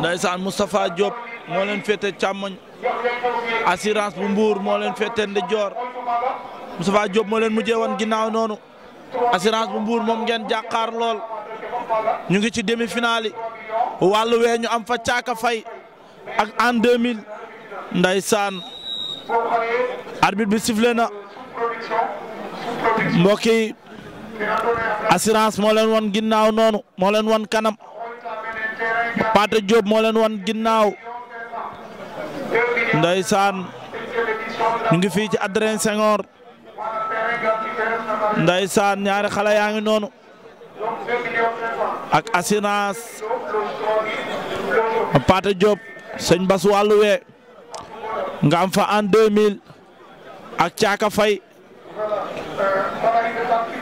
ndaysaan Moustapha Diop moo leen féete càmmoñ assurance bu mbuur moo leen féete ndijoor Moustapha Diop moo leen woon ginnaaw noonu assurance bu mbuur moom ngeen jàkkaar lool ñu ngi ci demi-finale yi wàllu ñu am fa caaka fay ak en 2000 ndaysaan arbitre bi sifflé na mbokk yi assurance moo leen won ginnaaw noonu moo leen kanam Pate Diop moo leen wan ginnaaw ndeysaan ñu ngi fii ci Adrien Senghor ndeysaan ñaari xale yaa ngi noonu ak assurance Pate Diop sëñ Bas wàlluwee nga am fa en 2000 ak Caaka Fay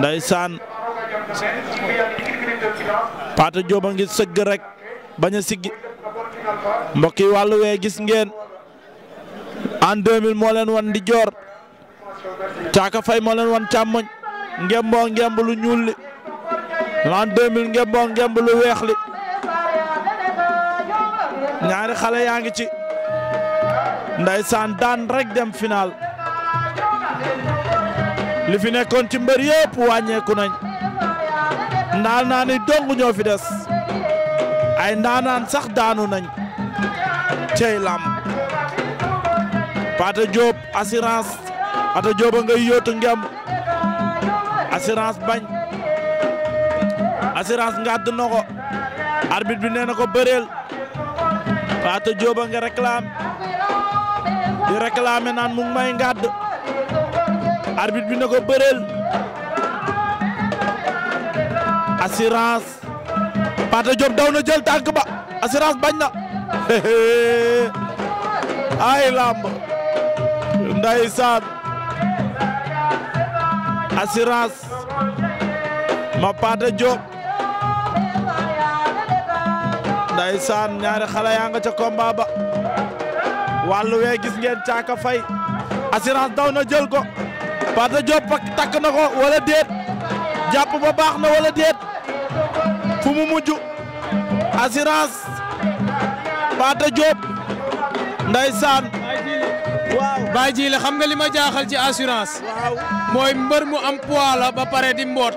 ndeysaan Pate Diop a ngi sëgg rek. bañ a siggi mbokk yi wàllu gis ngeen en 2000 moo leen wan di joor caaka fay moo wan càmmoñ ngemboo ngemb lu ñuul li l'an 2000 ngemboo ngemb lu weex li ñaari xale yaa ngi ci ndaysaan daan rek dem final li nekkoon ci mbër yëpp wàññeeku nañ ndaal naa ni dong ñoo fi des ay ndaanaan sax daanu nañ cey làmb Pata Diop assurance Pata Diop a yóotu ngem assurance bañ assurance ngàdd na ko bi nee na ko bëreel Pata Diop nga réclame di réclamer naan mu may ngàdd arbitre bi ne ko bëreel assurance Pathé Diop daw na jël tànk ba assurance bañ na ay lamb ndeysaan assurance ma Pathé Diop ndeysaan ñaari xale yaa nga ca combat ba wàllu wee gis ngeen caaka fay assurance daw na jël ko Pathé Diop takk na ko wala déet jàpp ba baax na wala déet fu mu mujj assurance Pathé Diop ndeysaan waaw Baye xam nga li ma jaaxal ci assurance mooy mbër mu am poids la ba pare di mboot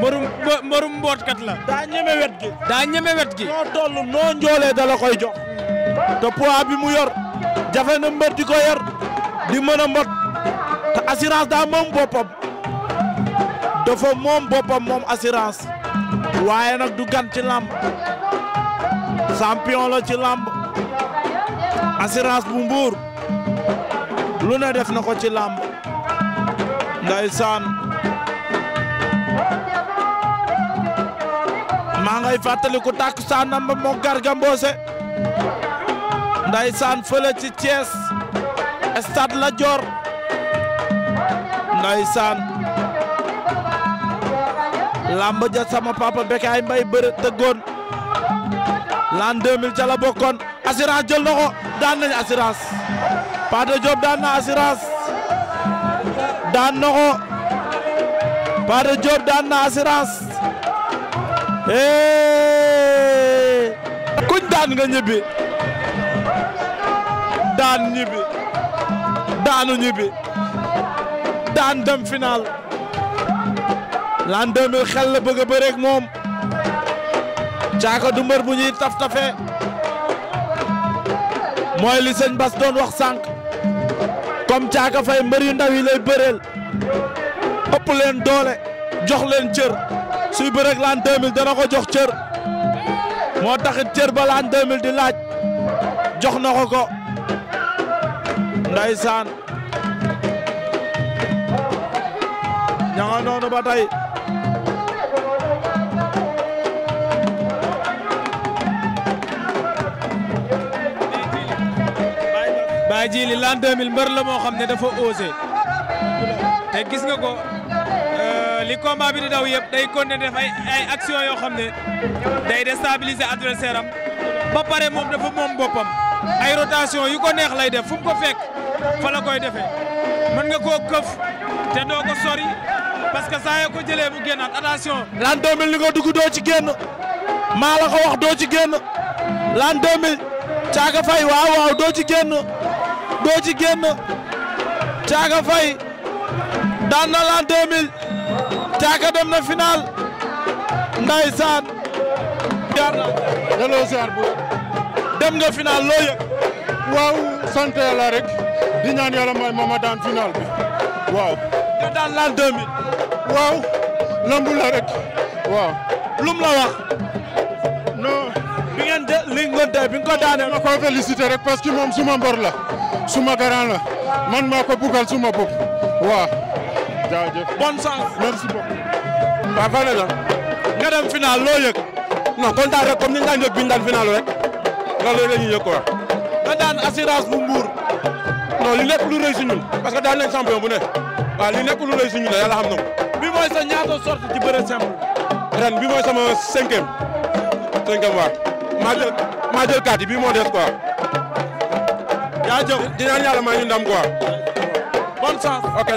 mbërum mbërum mbootkat la daa ñeme wet gi daa ñeme wet gi noo toll noo njoolee da la jox te bi mu yor jafe na mbër yor di mën a mbot te assurance daa moom boppam dafa moom boppam moom assurance waaye nag du ci làmb champion la ci làmb assurance bu mbuur lu ne def na ko ci làmb ndeysaan maa ngay fàttali ku tàkk saan namba moo Garga Mbossé ndeysaan fële ci Thiès stade Lat Dior ndeysaan lamb ja sama papa Bécaye Mbaye bëre tëggoon l'an 2000 ca la bokkoon assurance jël na ko daan nañ assurance Pathé Diop daan na assurance daan na ko Pathé daan na assurance hey kuñ daan nga ñibbi daan ñibbi daanu ñibbi daan dem final l'an 2000 xel la bëgg a moom caaka du mbër bu ñuy taf tafe mooy li sëñ Bas doon wax sànq comme caaka fay mbër yu ndaw yi lay bëreel ëpp leen doole jox leen cër suy bëreeg l'an 2000 dana jox cër moo taxit cër ba l'an 2000 di laaj jox na ko ko ndaysaan ña ba tey Baye Djily l'an 2000 mbër la moo xam ne dafa osé te gis nga ko euh, li combat bi di daw yëpp day continuer def ay ay action yoo xam ne day déstabiliser adversaire am ba pare moom dafa moom boppam ay rotation yu ko neex lay def fu ko fekk fa koy defee mën nga koo këf te doo ko sori parce que saa ko jëlee mu génnaat attention. l'an 2000 li nga dugg doo ci génn maa la ko wax doo ci génn l'an 2000 caaga fay waaw waaw doo ci génn. doo ci génn Thiaka Faye daan na l'an 2000 Thiaka dem na final ndeysaan delloo ziar bu dem nga final loo waaw sant yàlla rek di ñaan yàlla mooy mama daan final bi waaw nga daan l'an 2000 waaw lambu la rek waaw lum la wax non bi ngeen de li nga ko daanee ma koy féliciter rek parce que moom suma mbor la suma garaan la man maa ko bugal suma bopp waaw jaajëf bonne chance merci beaucoup waaw fane la nga dem final loo yëg non kontaan rek comme ni ñu daan yëg bi ñu daan final rek loolu la ñuy yëg quoi nga daan assurance bu mbuur non li lu rëy si ñun parce que daan nañ champion bu ne waaw li nekk lu rëy si ñun la yàlla xam na bi mooy sa ñaata sorte ci bëre ren bi mooy sama cinquième cinquième waaw maa jël maa jël kaat bi moo des quoi jaajëf di naan yàlla may ñu ndam quoi. bonne chance ok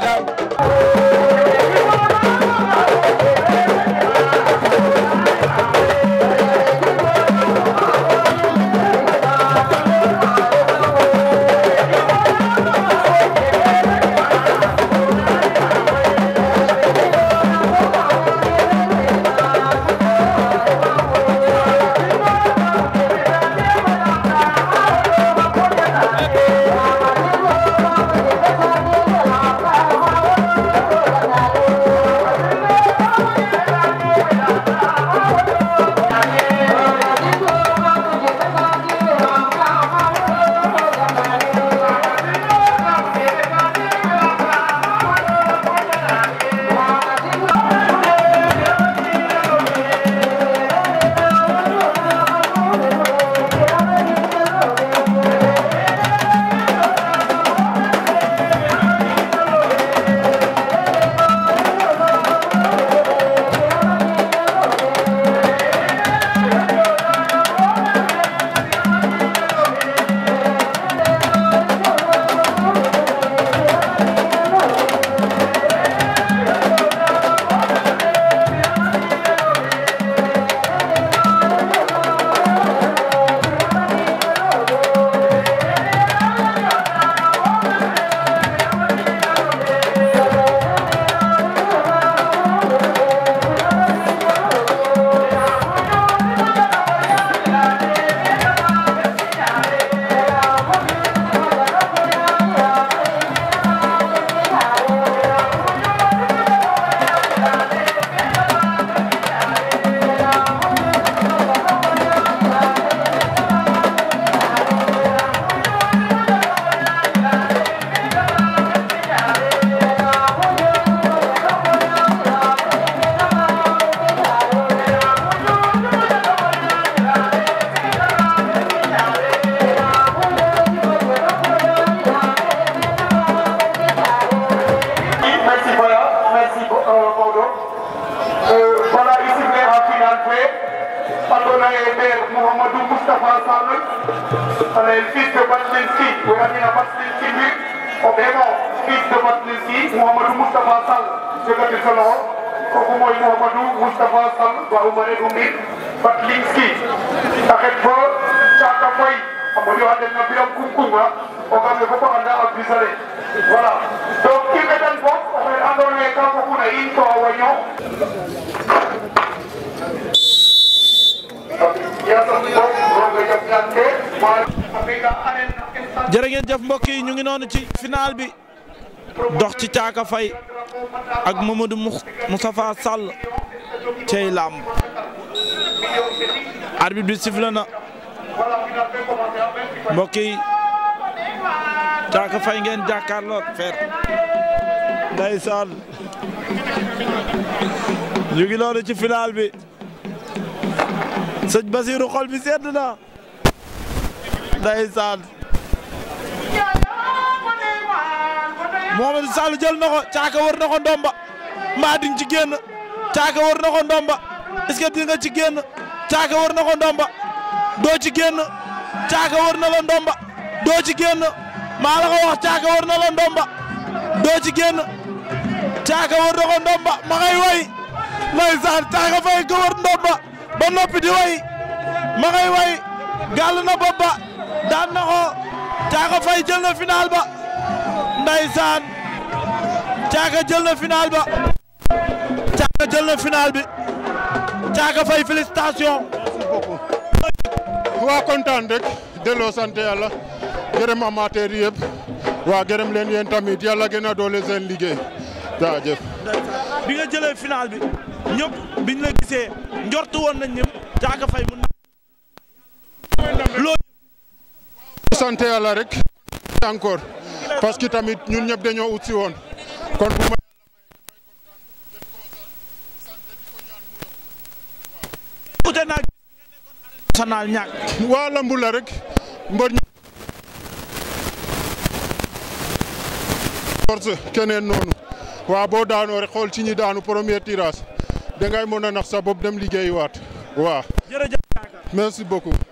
Mouhamadou Moustapha Sall jëkkati sa loxo kooku mooy Mouhamadou Moustapha Sall waaw ma ne ummi Batlinski taxit ba caaka fay amoon yoo xam ne biram kunkunga o kamɓe fof ko annda abdisare voilà donc yimɓe tan fof okoye andoon ne ka fokuna in to a waño jërë ngeen jëf mbokk yi ñu ngi noonu ci final bi dox ci caaka fay ak Mamadou Moustapha Sall cey làmb arbitre bi sifflé na mbokk yi caaka fay ngeen jàkkaarloo fer ndeysaan ñu ngi loolu ci final bi sëñ Basiru xol bi sedd na ndeysaan Mohamed Sall jël na ko caaka war na ko ndomba mbaa di nga ci génn caaka war na ko ndomba est-ce que caaka war na ko ndomba doo ci génn caaka war na la ndomba doo ci génn caaka war na ko ndomba ma ngay way ndeysaan caaka fay ko war ndomba ba noppi di ma ngay way gàll na bopp ba ko caaka fay jël na ba. Ndeysaan Thiaka jël na final ba Thiaka jël na final bi Thiaka Faye félicitation. waa kontaan rek delloo sant yàlla gërëm amateur yëpp waa gërëm leen yéen tamit yàlla gën a doole seen liggéey bi nga jëlee final bi ñëpp biñ la gisee njortu woon nañ ñëpp Thiaka Faye mun na. sant yàlla rek encore. parce que tamit ñun ñëpp dañoo ut si woon kon bu ma ute naa national ñàkk waa lambu la rek mbër ñu force keneen noonu waa boo daanoo xool ci ñi daanu premier tirage dangay mën a nax sa bopp dem liggéey waat waa merci beaucoup